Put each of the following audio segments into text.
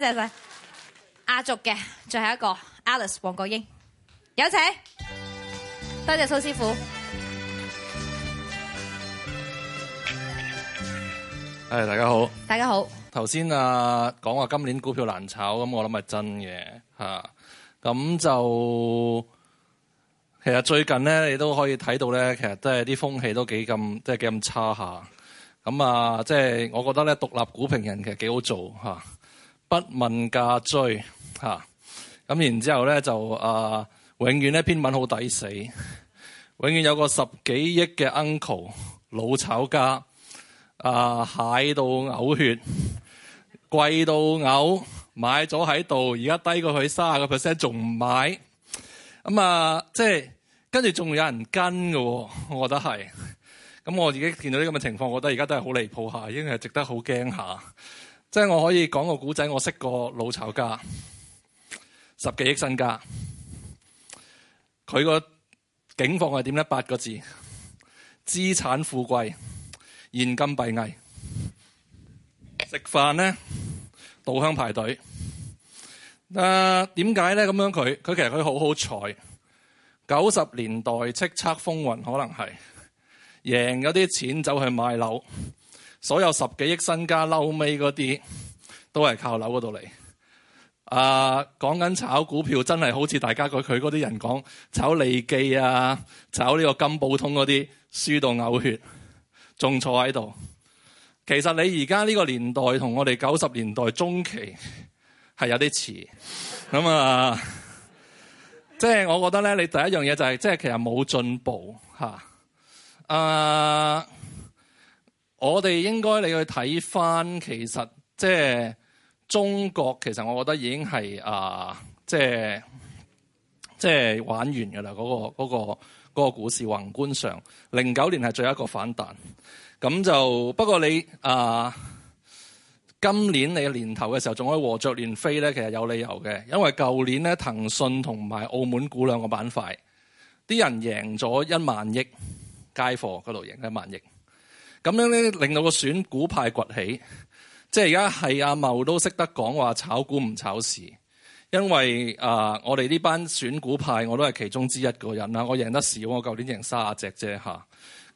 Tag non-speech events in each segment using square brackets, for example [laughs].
多謝晒亞族嘅最後一個 Alice 黃國英有請，多謝蘇師傅。誒，hey, 大家好，大家好。頭先啊，講話今年股票難炒，咁我諗係真嘅吓。咁就其實最近咧，你都可以睇到咧，其實都係啲風氣都幾咁，即係幾咁差下。咁啊，即係我覺得咧，獨立股評人其實幾好做吓。不問價追嚇，咁、啊、然之後咧就啊，永遠呢篇文好抵死，永遠有個十幾億嘅 uncle 老炒家啊，蟹到嘔血，貴到嘔，買咗喺度，而家低過去卅個 percent，仲唔買？咁啊，即係跟住仲有人跟㗎、喎，我覺得係。咁、啊、我自己見到呢咁嘅情況，我覺得而家都係好離譜下，已經係值得好驚下。即係我可以講個古仔，我識個老炒家，十幾億身家。佢個境況係點咧？八個字：資產富貴，現金閉翳。食飯咧，稻香排隊。誒點解咧？咁樣佢佢其實佢好好財。九十年代叱咤風雲，可能係贏咗啲錢走去買樓。所有十幾億身家嬲尾嗰啲，都係靠樓嗰度嚟。啊，講緊炒股票真係好似大家佢佢嗰啲人講，炒利記啊，炒呢個金寶通嗰啲，輸到嘔血，仲坐喺度。其實你而家呢個年代同我哋九十年代中期係有啲似。咁 [laughs] 啊，即係我覺得咧，你第一樣嘢就係、是、即係其實冇進步嚇。啊。啊。我哋應該你去睇翻，其實即係中國，其實我覺得已經係啊、呃，即係即係玩完噶啦，嗰個嗰個嗰個股市宏觀上，零九年係最後一個反彈。咁就不過你啊、呃，今年你年頭嘅時候仲可以和着連飛咧，其實有理由嘅，因為舊年咧騰訊同埋澳門股兩個板塊，啲人贏咗一萬億街貨嗰度贏一萬億。咁樣咧，令到個選股派崛起。即係而家係阿茂都識得講話，炒股唔炒市。因為啊、呃，我哋呢班選股派我都係其中之一個人啦。我贏得少，我舊年贏卅隻啫嚇。咁、啊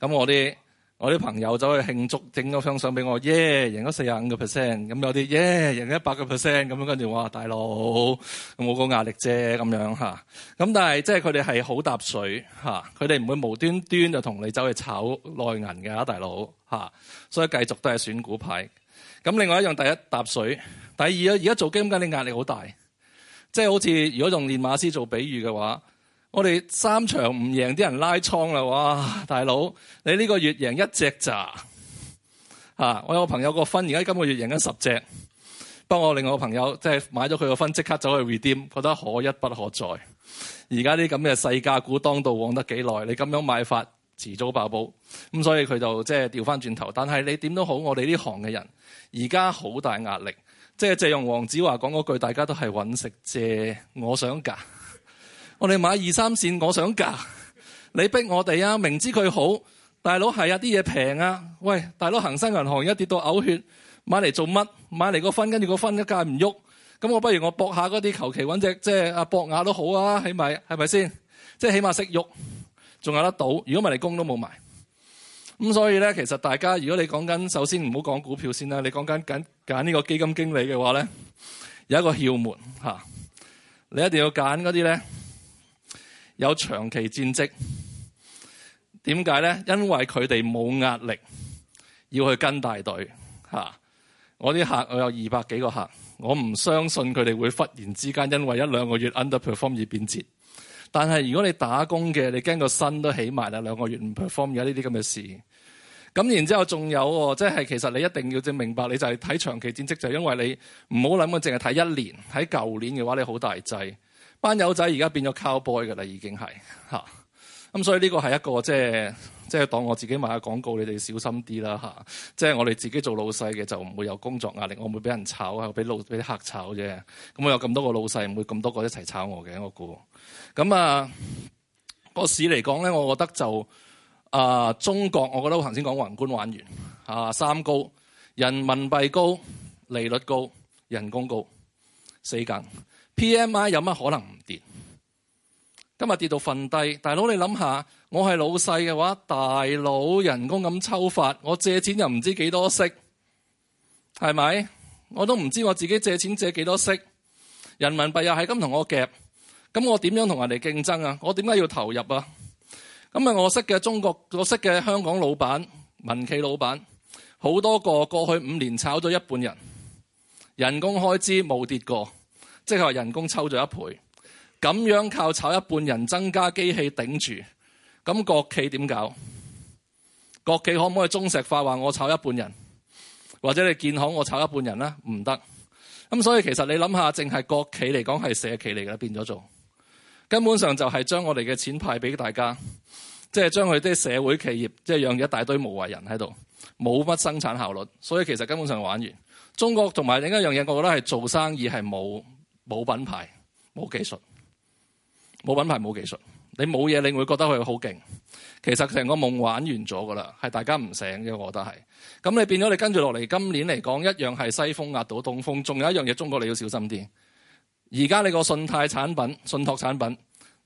嗯、我啲。我啲朋友走去慶祝，整咗張相俾我，耶、yeah！贏咗四十五個 percent，咁有啲耶，贏咗一百個 percent，咁樣跟住，哇！大佬，冇個壓力啫，咁樣嚇。咁但係即係佢哋係好搭水嚇，佢哋唔會無端端就同你走去炒內銀嘅，啊大佬嚇。所以繼續都係選股派。咁另外一樣，第一搭水，第二啊，而家做基金家啲壓力好大，即係好似如果用練馬師做比喻嘅話。我哋三場唔贏，啲人拉倉啦！哇，大佬，你呢個月贏一隻咋？啊，我有個朋友個分，而家今個月贏緊十隻，幫我另外個朋友即係買咗佢個分，即刻走去 redeem，覺得可一不可再。而家啲咁嘅細價股當道，旺得幾耐？你咁樣買法遲早爆煲，咁所以佢就即係調翻轉頭。但係你點都好，我哋呢行嘅人而家好大壓力。即係借用黃子華講嗰句，大家都係揾食啫，我想㗎。我哋買二三線，我想㗎，你逼我哋啊！明知佢好，大佬，係啊，啲嘢平啊。喂，大佬，恒生銀行而家跌到嘔血，買嚟做乜？買嚟個分，跟住個分一價唔喐，咁我不如我搏下嗰啲，求其揾隻即係阿、啊、博雅都好啊，起碼係咪先？即係起碼識喐，仲有得賭。如果唔嚟供都冇埋咁，所以咧，其實大家如果你講緊，首先唔好講股票先啦。你講緊揀揀呢個基金經理嘅話咧，有一個竅門吓、啊，你一定要揀嗰啲咧，有長期戰績，點解咧？因為佢哋冇壓力要去跟大隊嚇、啊。我啲客我有二百幾個客，我唔相信佢哋會忽然之間因為一兩個月 underperform 而變節。但係如果你打工嘅，你驚個身都起埋啦，兩個月唔 perform 有呢啲咁嘅事。咁然之後仲有，即係其實你一定要即明白，你就係睇長期戰績，就係、因為你唔好諗嘅，淨係睇一年。睇舊年嘅話你，你好大劑。班友仔而家變咗 cowboy 嘅啦，已經係嚇。咁、啊、所以呢個係一個即係即係當我自己賣下廣告，你哋小心啲啦嚇。即係我哋自己做老細嘅就唔會有工作壓力，我唔會俾人炒，人炒啊，俾老俾啲客炒啫。咁我有咁多個老細，唔會咁多個一齊炒我嘅，我估。咁啊、個市嚟講咧，我覺得就啊中國，我覺得我頭先講個宏觀玩完，啊三高：人民幣高、利率高、人工高，四緊。PMI 有乜可能唔跌？今日跌到瞓低。大佬你諗下，我係老細嘅話，大佬人工咁抽發，我借錢又唔知幾多息，係咪？我都唔知我自己借錢借幾多息，人民幣又係咁同我夾，咁我點樣同人哋競爭啊？我點解要投入啊？咁啊，我識嘅中國，我識嘅香港老闆、民企老闆，好多個過去五年炒咗一半人，人工開支冇跌過。即係佢話人工抽咗一倍，咁樣靠炒一半人增加機器頂住，咁國企點搞？國企可唔可以中石化話我炒一半人，或者你建行我炒一半人咧？唔得咁，所以其實你諗下，淨係國企嚟講係社企嚟嘅，變咗做根本上就係將我哋嘅錢派俾大家，即係將佢啲社會企業，即係養住一大堆無謂人喺度，冇乜生產效率，所以其實根本上玩完。中國同埋另一樣嘢，我覺得係做生意係冇。冇品牌，冇技術，冇品牌冇技術，你冇嘢，你會覺得佢好勁。其實成個夢玩完咗噶啦，係大家唔醒嘅，我覺得係。咁你變咗，你跟住落嚟，今年嚟講，一樣係西風壓倒東風。仲有一樣嘢，中國你要小心啲。而家你個信貸產品、信託產品，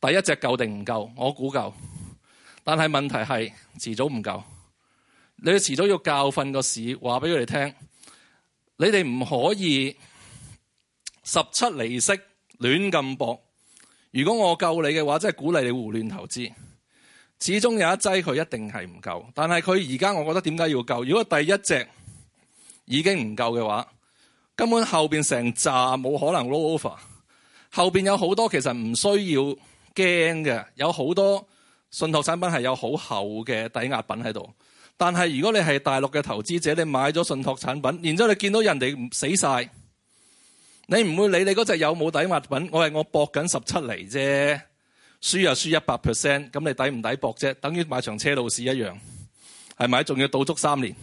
第一隻夠定唔夠？我估夠，但係問題係遲早唔夠。你遲早要教訓個市，話俾佢哋聽，你哋唔可以。十七厘息亂咁搏，如果我救你嘅話，即係鼓勵你胡亂投資。始終有一劑佢一定係唔夠，但係佢而家我覺得點解要救？如果第一隻已經唔夠嘅話，根本後邊成扎冇可能 roll over。後邊有好多其實唔需要驚嘅，有好多信託產品係有好厚嘅抵押品喺度。但係如果你係大陸嘅投資者，你買咗信託產品，然之後你見到人哋死晒。你唔會理你嗰隻有冇抵物品，我係我搏緊十七釐啫，輸又輸一百 percent，咁你抵唔抵搏啫？等於買場車路士一樣，係咪？仲要賭足三年，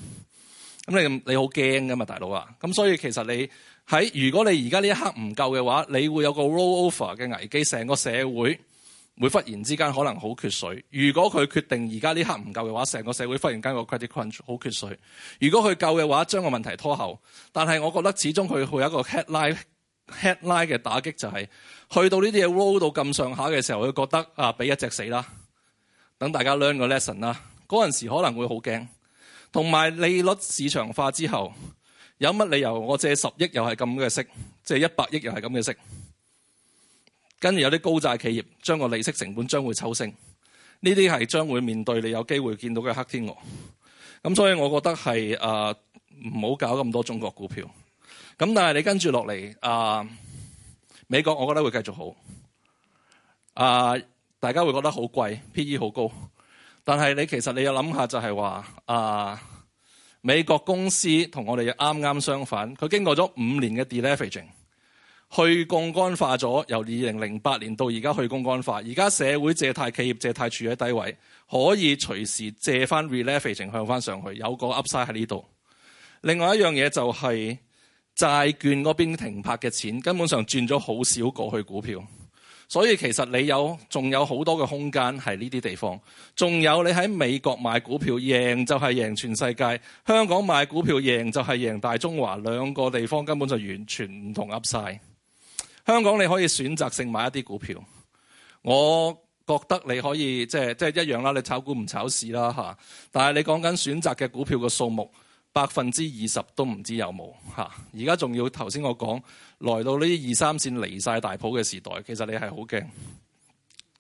咁你你好驚㗎嘛，大佬啊！咁所以其實你喺如果你而家呢一刻唔夠嘅話，你會有個 rollover 嘅危機，成個社會會忽然之間可能好缺水。如果佢決定而家呢刻唔夠嘅話，成個社會忽然間個 credit crunch 好缺水。如果佢夠嘅話，將個問題拖後，但係我覺得始終佢會有一個 headline。headline 嘅打擊就係、是、去到呢啲嘢 roll 到咁上下嘅時候，佢覺得啊，俾一隻死啦。等大家 learn 個 lesson 啦。嗰陣時可能會好驚。同埋利率市場化之後，有乜理由我借十億又係咁嘅息，借一百億又係咁嘅息？跟住有啲高債企業將個利息成本將會抽升，呢啲係將會面對你有機會見到嘅黑天鵝。咁所以我覺得係啊，呃，唔好搞咁多中國股票。咁但係你跟住落嚟，啊，美國我覺得會繼續好。啊，大家會覺得好貴，PE 好高。但係你其實你要諗下，就係話啊，美國公司同我哋啱啱相反，佢經過咗五年嘅 deleveraging，去槓桿化咗，由二零零八年到而家去槓桿化，而家社會借貸、企業借貸處喺低位，可以隨時借翻 releveraging 向翻上去，有個 upside 喺呢度。另外一樣嘢就係、是。債券嗰邊停泊嘅錢，根本上轉咗好少過去股票，所以其實你有仲有好多嘅空間係呢啲地方，仲有你喺美國買股票贏就係贏全世界，香港買股票贏就係贏大中華，兩個地方根本就完全唔同晒。香港你可以選擇性買一啲股票，我覺得你可以即係即係一樣啦，你炒股唔炒市啦嚇，但係你講緊選擇嘅股票嘅數目。百分之二十都唔知有冇吓，而家仲要頭先我講來到呢二三線離晒大譜嘅時代，其實你係好驚。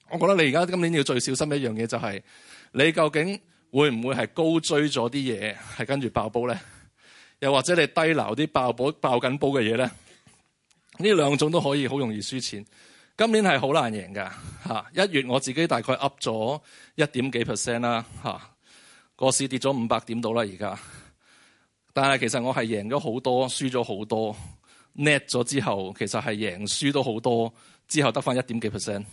我覺得你而家今年要最小心一樣嘢，就是，就係你究竟會唔會係高追咗啲嘢係跟住爆煲咧？又或者你低撈啲爆煲爆緊煲嘅嘢咧？呢兩種都可以好容易輸錢。今年係好難贏噶吓。一、啊、月我自己大概 up 咗一點幾 percent 啦吓，個、啊啊、市跌咗五百點到啦，而家。但係其實我係贏咗好多，輸咗好多，net 咗 [music] 之後其實係贏輸都好多，之後得返一點幾 percent，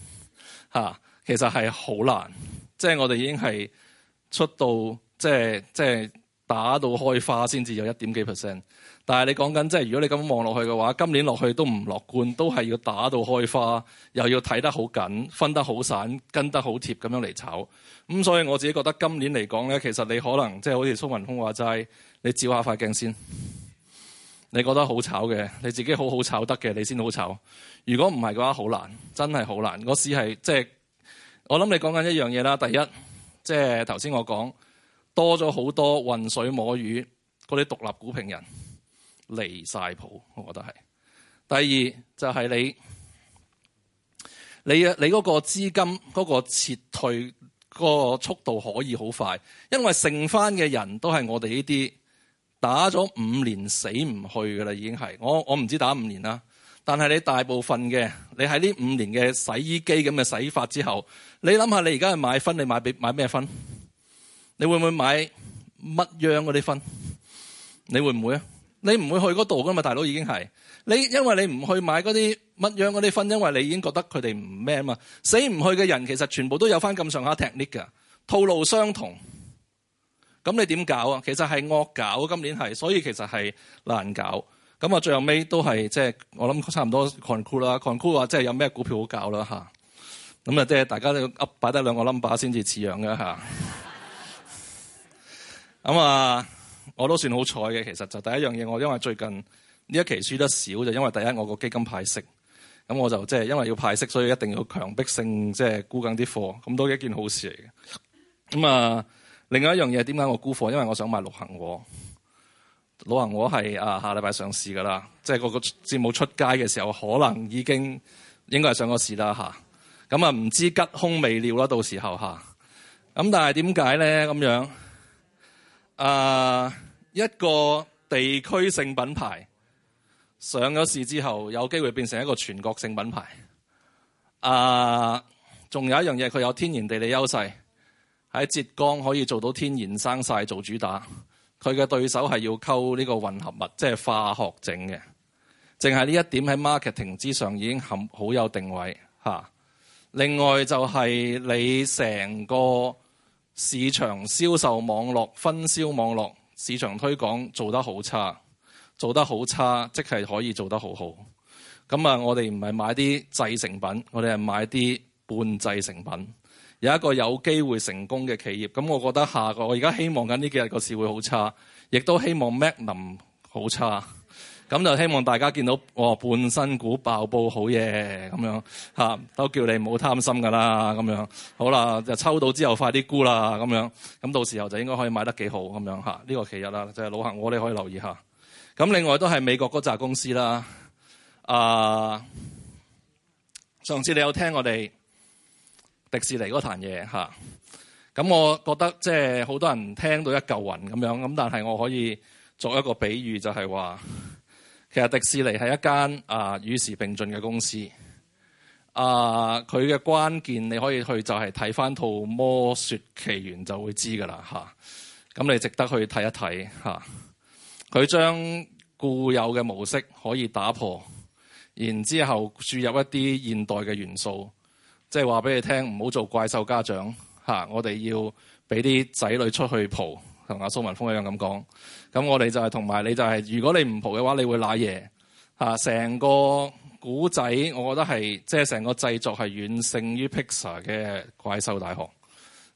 嚇、啊，其實係好難，即、就、係、是、我哋已經係出到即係即係，就是就是打到開花先至有一點幾 percent，但係你講緊即係如果你咁望落去嘅話，今年落去都唔樂觀，都係要打到開花，又要睇得好緊，分得好散，跟得好貼咁樣嚟炒。咁、嗯、所以我自己覺得今年嚟講呢，其實你可能即係、就是、好似蘇雲峯話齋，你照下塊鏡先，你覺得好炒嘅，你自己好好炒得嘅，你先好炒。如果唔係嘅話，好難，真係好難。個市係即係我諗、就是、你講緊一樣嘢啦，第一即係頭先我講。多咗好多混水摸魚嗰啲獨立股評人離晒譜，我覺得係。第二就係、係、你，你啊，你嗰個資金嗰、嗰個撤退嗰、嗰個速度可以好快，因為剩翻嘅人都係我哋呢啲打咗五年死唔去嘅啦，已經係。我我唔知打五年啦，但係你大部分嘅你喺呢五年嘅洗衣機咁嘅洗法之後，你諗下你而家係買分，你買俾買咩分？你會唔會買乜樣嗰啲分？你會唔會啊？你唔會去嗰度噶嘛？大佬已經係你，因為你唔去買嗰啲乜樣嗰啲分，因為你已經覺得佢哋唔咩啊嘛。死唔去嘅人，其實全部都有翻咁上下 technique 噶，套路相同。咁你點搞啊？其實係惡搞，今年係，所以其實係難搞。咁啊，最後尾都係即係我諗差唔多 conclude 啦。conclude 話即係、就是、有咩股票好搞啦吓。咁啊，即係大家都 u 擺低兩個 number 先至似樣嘅吓。咁啊、嗯，我都算好彩嘅。其實就第一樣嘢，我因為最近呢一期輸得少，就因為第一我個基金派息，咁我就即係、就是、因為要派息，所以一定要強迫性即係、就是、沽緊啲貨，咁都係一件好事嚟嘅。咁、嗯、啊、嗯，另外一樣嘢係點解我沽貨？因為我想買六行貨，六行貨係啊下禮拜上市噶啦，即係個個節目出街嘅時候，可能已經應該係上咗市啦吓，咁啊，唔、嗯、知吉凶未料啦，到時候吓，咁、啊、但係點解咧咁樣？啊，uh, 一個地區性品牌上咗市之後，有機會變成一個全國性品牌。啊，仲有一樣嘢，佢有天然地理優勢喺浙江可以做到天然生曬做主打，佢嘅對手係要溝呢個混合物，即係化學整嘅。淨係呢一點喺 marketing 之上已經含好有定位嚇、啊。另外就係你成個。市場銷售網絡、分銷網絡、市場推廣做得好差，做得好差，即係可以做得好好。咁啊，我哋唔係買啲製成品，我哋係買啲半製成品。有一個有機會成功嘅企業，咁我覺得下個，我而家希望緊呢幾日個市會好差，亦都希望 Magnum 好差。咁就希望大家見到我半、哦、身股爆煲好嘢咁樣吓，都叫你唔好貪心㗎喇。咁樣好啦，就抽到之後快啲沽啦。咁樣咁到時候就應該可以買得幾好咁樣吓。呢、這個其實啦，就係、是、老客我哋可以留意下。咁另外都係美國嗰扎公司啦。啊、呃，上次你有聽我哋迪士尼嗰壇嘢吓？咁我覺得即係好多人聽到一嚿雲咁樣咁，但係我可以作一個比喻，就係、是、話。其實迪士尼係一間啊、呃、與時並進嘅公司，啊，佢嘅關鍵你可以去就係睇翻套《魔雪奇緣》就會知㗎啦嚇，咁、啊、你值得去睇一睇嚇。佢、啊、將固有嘅模式可以打破，然之後注入一啲現代嘅元素，即係話俾你聽唔好做怪獸家長嚇、啊，我哋要俾啲仔女出去蒲。同阿蘇文峰一樣咁講，咁我哋就係同埋，你就係、是、如果你唔蒲嘅話，你會賴嘢嚇。成、啊、個古仔，我覺得係即係成個製作係遠勝於 Pixar 嘅怪獸大學。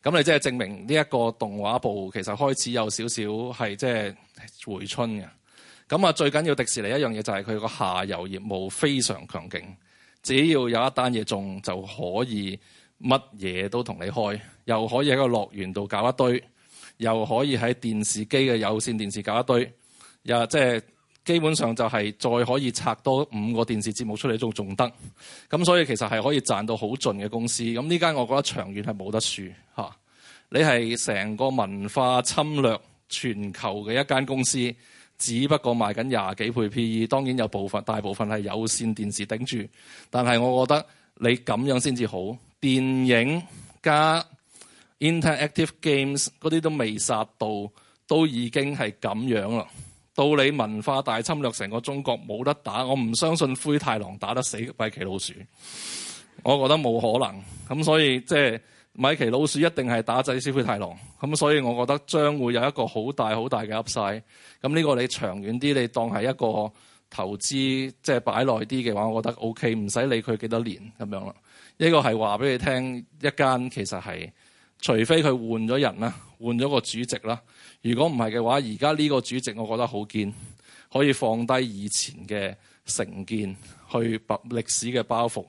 咁你即係證明呢一個動畫部其實開始有少少係即係回春嘅。咁啊，最緊要迪士尼一樣嘢就係佢個下游業務非常強勁，只要有一單嘢中就可以乜嘢都同你開，又可以喺個樂園度搞一堆。又可以喺電視機嘅有線電視搞一堆，又即係基本上就係再可以拆多五個電視節目出嚟都仲得。咁所以其實係可以賺到好盡嘅公司。咁呢間我覺得長遠係冇得輸嚇。你係成個文化侵略全球嘅一間公司，只不過賣緊廿幾倍 PE，當然有部分大部分係有線電視頂住。但係我覺得你咁樣先至好，電影加。Interactive games 嗰啲都未殺到，都已經係咁樣啦。到你文化大侵略，成個中國冇得打，我唔相信灰太狼打得死米奇老鼠，我覺得冇可能咁，所以即係、就是、米奇老鼠一定係打仔死灰太狼咁，所以我覺得將會有一個好大好大嘅 upside 咁，呢個你長遠啲，你當係一個投資，即、就、係、是、擺耐啲嘅話，我覺得 OK，唔使理佢幾多年咁樣啦。呢、這個係話俾你聽一間其實係。除非佢換咗人啦，換咗個主席啦。如果唔係嘅話，而家呢個主席我覺得好堅，可以放低以前嘅成見，去包歷史嘅包袱，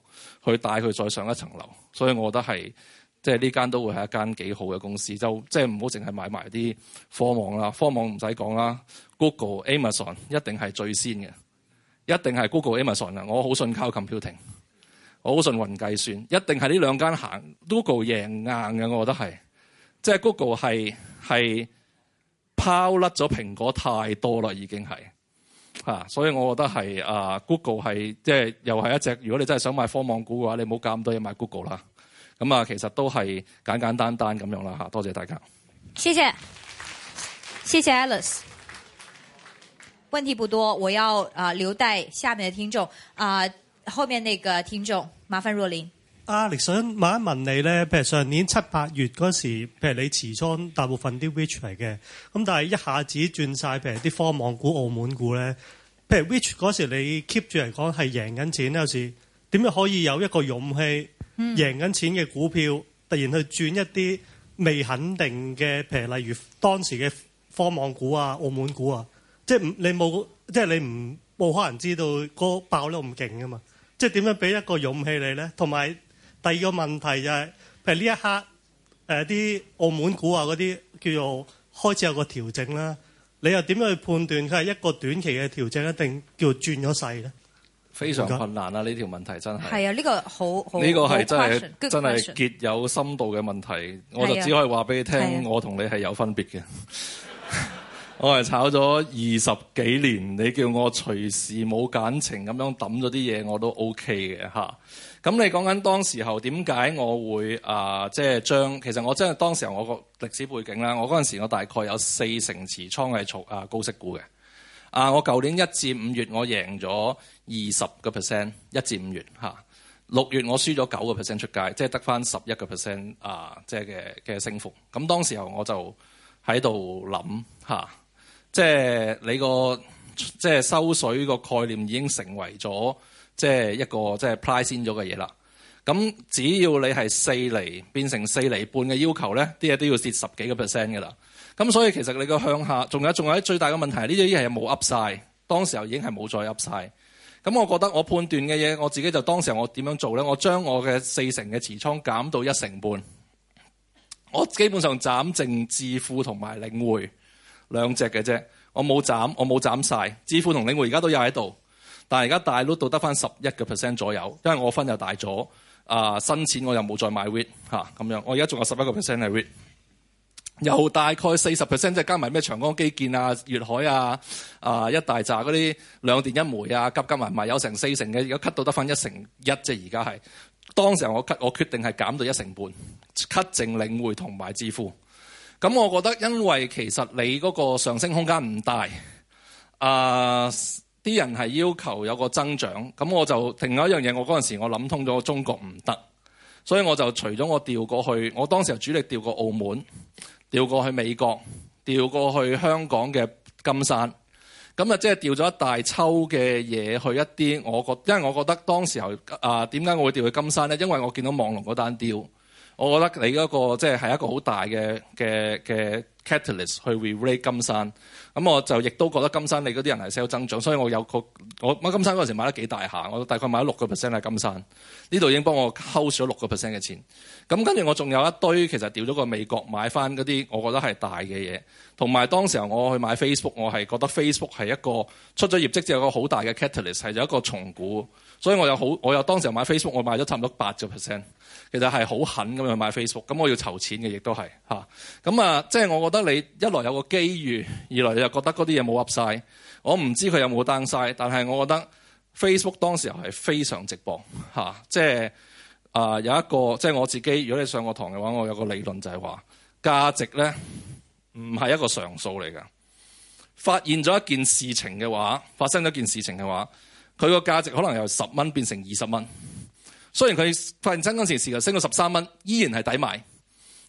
去帶佢再上一層樓。所以我覺得係即係呢間都會係一間幾好嘅公司。就即係唔好淨係買埋啲科網啦，科網唔使講啦，Google、Amazon 一定係最先嘅，一定係 Google、Amazon 啊！我好信 cloud computing。我好信雲計算，一定係呢兩間行 Google 贏硬嘅，我覺得係。即係 Google 係，係拋甩咗蘋果太多啦，已經係嚇啊，所以我覺得係啊，Google 係，即係又係一隻。如果你真係想買科網股嘅話，你唔好咁多嘢買 Google 啦。咁啊，其實都係簡簡單單咁樣啦嚇啊。多謝大家。謝謝，謝謝 Alice。問題不多，我要啊留待下面嘅聽眾啊。後面那個聽眾，麻煩若琳阿力想問一問你咧。譬如上年七八月嗰時，譬如你持倉大部分啲 witch 嚟嘅，咁但係一下子轉晒，譬如啲科網股、澳門股咧。譬如 witch 嗰時你 keep 住嚟講係贏緊錢咧，有時點樣可以有一個勇氣，贏緊、嗯、錢嘅股票突然去轉一啲未肯定嘅，譬如例如當時嘅科網股啊、澳門股啊，即係唔你冇，即係你唔冇可能知道嗰個爆得咁勁噶嘛？即係點樣俾一個勇氣你咧？同埋第二個問題就係、是，譬如呢一刻誒啲、呃、澳門股啊嗰啲叫做開始有個調整啦，你又點樣去判斷佢係一個短期嘅調整，一定叫轉咗勢咧？非常困難啊！呢謝條問題真係係啊，呢、這個好好，呢個係真係真係極有深度嘅問題，啊、我就只可以話俾你聽，啊、我同你係有分別嘅。 [laughs] 我係炒咗二十幾年，你叫我隨時冇感情咁樣抌咗啲嘢，我都 O K 嘅嚇。咁你講緊當時候點解我會啊？即係將其實我真係當時候我個歷史背景啦。我嗰陣時我大概有四成持倉係儲啊高息股嘅。啊、呃，我舊年一至五月我贏咗二十個 percent，一至五月嚇。六月我輸咗九個 percent 出街，即係得翻十一個 percent 啊，即係嘅嘅升幅。咁當時候我就喺度諗嚇。即係你個即係收水個概念已經成為咗即係一個即係 price in 咗嘅嘢啦。咁只要你係四厘變成四厘半嘅要求咧，啲嘢都要蝕十幾個 percent 嘅啦。咁所以其實你個向下仲有仲有最大嘅問題係呢啲係冇噏曬，當時候已經係冇再噏晒。咁我覺得我判斷嘅嘢，我自己就當時我點樣做呢？我將我嘅四成嘅持倉減到一成半，我基本上斬淨置富同埋領匯。兩隻嘅啫，我冇斬，我冇斬晒。支付同領匯而家都有喺度，但係而家大碌到得翻十一個 percent 左右，因為我分又大咗，啊新錢我又冇再買 REIT，嚇咁樣，我而家仲有十一個 percent 係 REIT，又大概四十 percent 即係加埋咩長江基建啊、粵海啊、啊一大紮嗰啲兩電一煤啊，急急埋埋有成四成嘅，而家 cut 到得翻一成一啫，而家係當時我 cut 我決定係減到一成半，cut 淨領匯同埋支付。咁我覺得，因為其實你嗰個上升空間唔大，啊、呃、啲人係要求有個增長，咁我就停咗一樣嘢，我嗰陣時我諗通咗中國唔得，所以我就除咗我調過去，我當時係主力調過澳門，調過去美國，調過去香港嘅金山，咁啊即係調咗一大抽嘅嘢去一啲我覺，因為我覺得當時候啊點解我會調去金山呢？因為我見到網龍嗰單調。我覺得你嗰個即係係一個好大嘅嘅嘅 catalyst 去 re-rate 金山，咁我就亦都覺得金山你嗰啲人係 sell 增長，所以我有個我買金山嗰陣時買咗幾大下，我大概買咗六個 percent 係金山，呢度已經幫我 hold 咗六個 percent 嘅錢。咁跟住我仲有一堆，其實掉咗個美國買翻嗰啲，我覺得係大嘅嘢。同埋當時候我去買 Facebook，我係覺得 Facebook 係一個出咗業績之後個好大嘅 catalyst，係有一個重估。所以我有好，我有當時候買 Facebook，我買咗差唔多八個 percent。其實係好狠咁樣去買 Facebook。咁我要籌錢嘅，亦都係嚇。咁啊，即係我覺得你一來有個機遇，二來你又覺得嗰啲嘢冇 up 曬。我唔知佢有冇 down 曬，但係我覺得 Facebook 當時候係非常值博嚇，啊，即係。啊，uh, 有一個即係我自己。如果你上過堂嘅話，我有個理論就係話，價值咧唔係一個常數嚟嘅。發現咗一件事情嘅話，發生咗一件事情嘅話，佢個價值可能由十蚊變成二十蚊。雖然佢發現真嗰陣時，市價升到十三蚊，依然係抵買。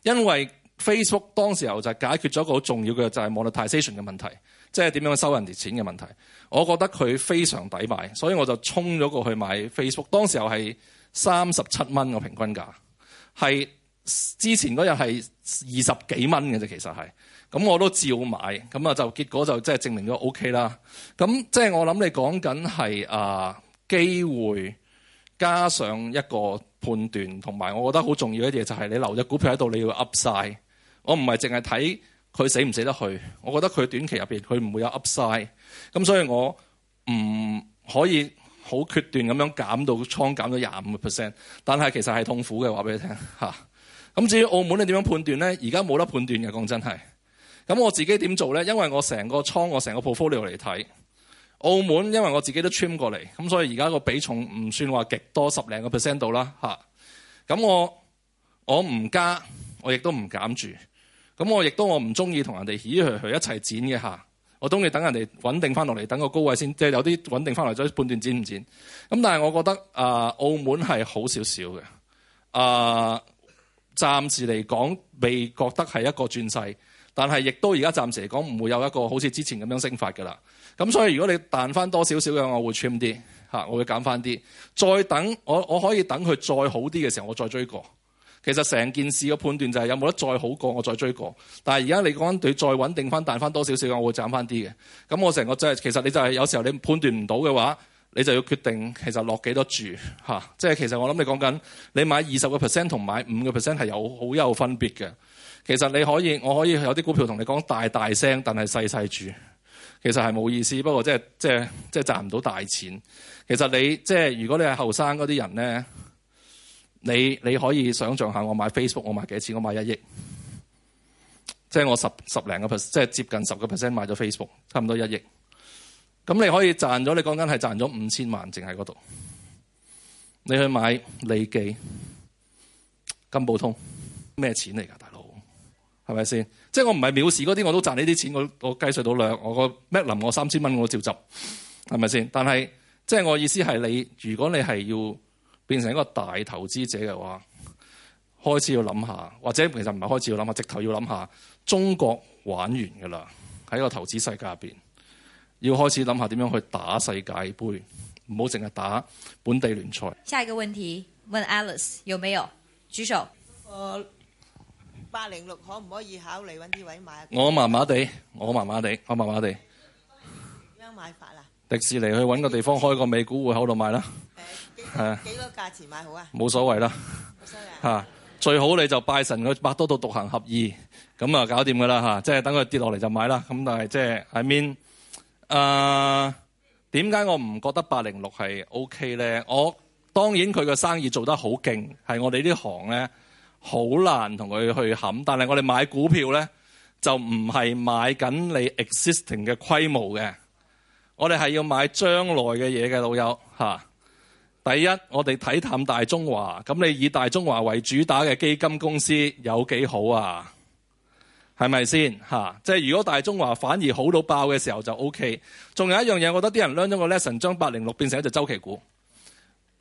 因為 Facebook 當時候就解決咗一個好重要嘅，就係 monetization 嘅問題，即係點樣收人哋錢嘅問題。我覺得佢非常抵買，所以我就衝咗過去買 Facebook。當時候係。三十七蚊個平均價，係之前嗰日係二十幾蚊嘅啫。其實係咁，我都照買。咁啊，就結果就即係證明咗 OK 啦。咁即係我諗，你講緊係啊機會，加上一個判斷，同埋我覺得好重要嘅嘢就係、是、你留隻股票喺度，你要 Upside。我唔係淨係睇佢死唔死得去。我覺得佢短期入邊佢唔會有 Upside。咁所以我唔可以。好決斷咁樣減到倉減咗廿五個 percent，但係其實係痛苦嘅，話俾你聽嚇。咁、啊、至於澳門，你點樣判斷咧？而家冇得判斷嘅，講真係。咁我自己點做咧？因為我成個倉，我成個 portfolio 嚟睇澳門，因為我自己都 trim 過嚟，咁所以而家個比重唔算話極多，十零個 percent 度啦嚇。咁、啊、我我唔加，我亦都唔減住。咁我亦都我唔中意同人哋起起佢一齊剪嘅嚇。我都係等人哋穩定翻落嚟，等個高位先，即係有啲穩定翻落嚟再判斷剪唔剪咁。但係我覺得啊、呃，澳門係好少少嘅啊，呃、暫時嚟講未覺得係一個轉勢，但係亦都而家暫時嚟講唔會有一個好似之前咁樣升法嘅啦。咁所以如果你彈翻多少少嘅，我會 trim 啲吓，我會減翻啲，再等我我可以等佢再好啲嘅時候，我再追過。其實成件事嘅判斷就係有冇得再好過，我再追過。但係而家你講緊再穩定翻，彈翻多少少嘅，我會賺翻啲嘅。咁我成個就係其實你就係、是、有時候你判斷唔到嘅話，你就要決定其實落幾多注吓。即、啊、係其實我諗你講緊你買二十個 percent 同買五個 percent 係有好有分別嘅。其實你可以我可以有啲股票同你講大大聲，但係細細注。其實係冇意思。不過即係即係即係賺唔到大錢。其實你即係、就是、如果你係後生嗰啲人咧。你你可以想象下，我買 Facebook，我買幾多錢？我買一億，即係我十十零個 percent，即係接近十個 percent 買咗 Facebook，差唔多一億。咁你可以賺咗，你講緊係賺咗五千萬，淨喺嗰度。你去買利記、金寶通，咩錢嚟㗎，大佬？係咪先？即係我唔係藐視嗰啲，我都賺呢啲錢，我我計數到兩，我個美林，我三千蚊我照執，係咪先？但係即係我意思係你，如果你係要。變成一個大投資者嘅話，開始要諗下，或者其實唔係開始要諗下，直頭要諗下中國玩完㗎啦，喺一個投資世界入邊，要開始諗下點樣去打世界盃，唔好淨係打本地聯賽。下一個問題問 Alice 有沒有？舉手。八零六可唔可以考慮搵啲位買？我麻麻地，我麻麻地，我麻麻地。點樣買法啊？迪士尼去揾個地方開個美股戶口度買啦，係幾啊，幾多價錢買好啊？冇所謂啦，嚇最好你就拜神嗰百多度獨行合意咁啊，搞掂噶啦吓，即係等佢跌落嚟就買啦。咁但係即係喺面啊，點解我唔覺得八零六係 OK 咧？我當然佢個生意做得好勁，係我哋呢行咧好難同佢去冚，但係我哋買股票咧就唔係買緊你 existing 嘅規模嘅。我哋係要買將來嘅嘢嘅老友，吓！第一，我哋睇淡大中華，咁你以大中華為主打嘅基金公司有幾好啊？係咪先？吓！即係如果大中華反而好到爆嘅時候就 OK。仲有一樣嘢，我覺得啲人 learn 咗個 lesson，將八零六變成一隻周期股。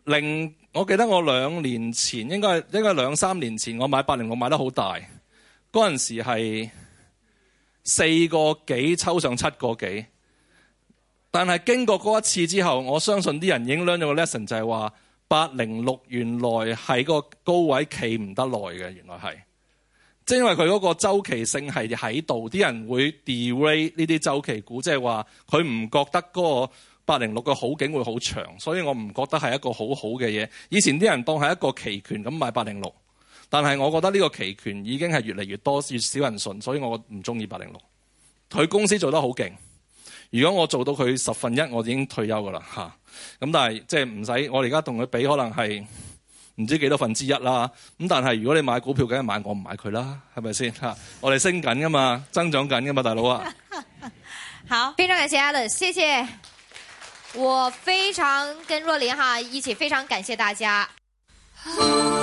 零，我記得我兩年前，應該應該兩三年前，我買八零六買得好大，嗰陣時係四個幾抽上七個幾。但係經過嗰一次之後，我相信啲人已經 learn 咗個 lesson，就係話八零六原來係個高位企唔得耐嘅，原來係，即係因為佢嗰個周期性係喺度，啲人會 de-rate 呢啲周期股，即係話佢唔覺得嗰個八零六嘅好景會好長，所以我唔覺得係一個好好嘅嘢。以前啲人當係一個期權咁買八零六，但係我覺得呢個期權已經係越嚟越多越少人信，所以我唔中意八零六。佢公司做得好勁。如果我做到佢十分一，我已經退休噶啦嚇。咁、啊、但係即係唔使，我而家同佢比，可能係唔知幾多分之一啦。咁、啊、但係如果你買股票，梗係買我唔買佢啦，係咪先嚇？我哋、啊、升緊噶嘛，增長緊噶嘛，大佬啊！ [laughs] 好，非常感謝 Allen，謝謝。我非常跟若琳哈一起，非常感謝大家。 [laughs]